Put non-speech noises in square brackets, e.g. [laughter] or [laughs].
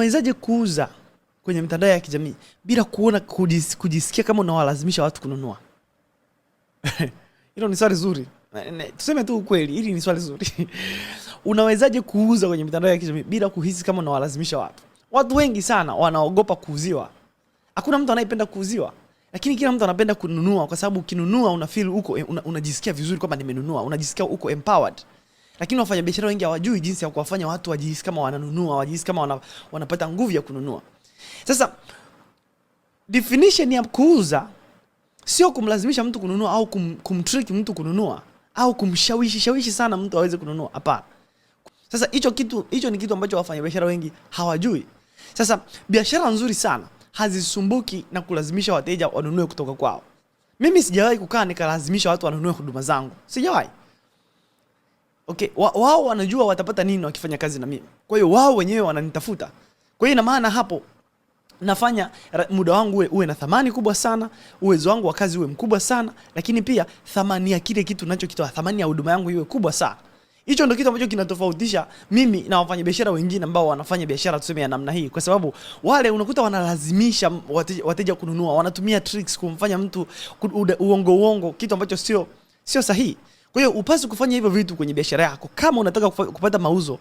Unawezaje kuuza kwenye mitandao ya kijamii bila kuona kujis, kujisikia kama unawalazimisha watu kununua? [laughs] Hilo ni swali zuri. Tuseme tu ukweli, hili ni swali zuri. [laughs] Unawezaje kuuza kwenye mitandao ya kijamii bila kuhisi kama unawalazimisha watu? Watu wengi sana wanaogopa kuuziwa. Hakuna mtu anayependa kuuziwa, lakini kila mtu anapenda kununua, kwa sababu ukinunua una uko unajisikia una vizuri kwamba nimenunua, unajisikia uko empowered lakini wafanyabiashara wengi hawajui jinsi ya kuwafanya watu wajihisi kama wananunua, wajihisi kama wana, wanapata nguvu ya kununua. Sasa definition ya kuuza sio kumlazimisha mtu kununua au kum, kumtrick mtu kununua au kumshawishi shawishi sana mtu aweze kununua. Hapana. Sasa hicho kitu hicho ni kitu ambacho wafanyabiashara wengi hawajui. Sasa biashara nzuri sana hazisumbuki na kulazimisha wateja wanunue kutoka kwao. Mimi sijawahi kukaa nikalazimisha watu wanunue huduma zangu, sijawahi. Okay, wao wanajua watapata nini wakifanya kazi na mimi. Kwa hiyo wao wenyewe wananitafuta. Kwa hiyo ina maana hapo nafanya muda wangu uwe, uwe na thamani kubwa sana, uwezo wangu wa kazi uwe mkubwa sana, lakini pia thamani ya kile kitu ninachokitoa, thamani ya huduma yangu iwe kubwa sana. Hicho ndio kitu ambacho kinatofautisha mimi na wafanyabiashara wengine ambao wanafanya biashara tuseme ya namna hii, kwa sababu wale unakuta wanalazimisha wateja, wateja kununua, wanatumia tricks kumfanya mtu uongo uongo, kitu ambacho sio sio sahihi. Kwa hiyo upasi kufanya hivyo vitu kwenye biashara yako kama unataka kupata mauzo.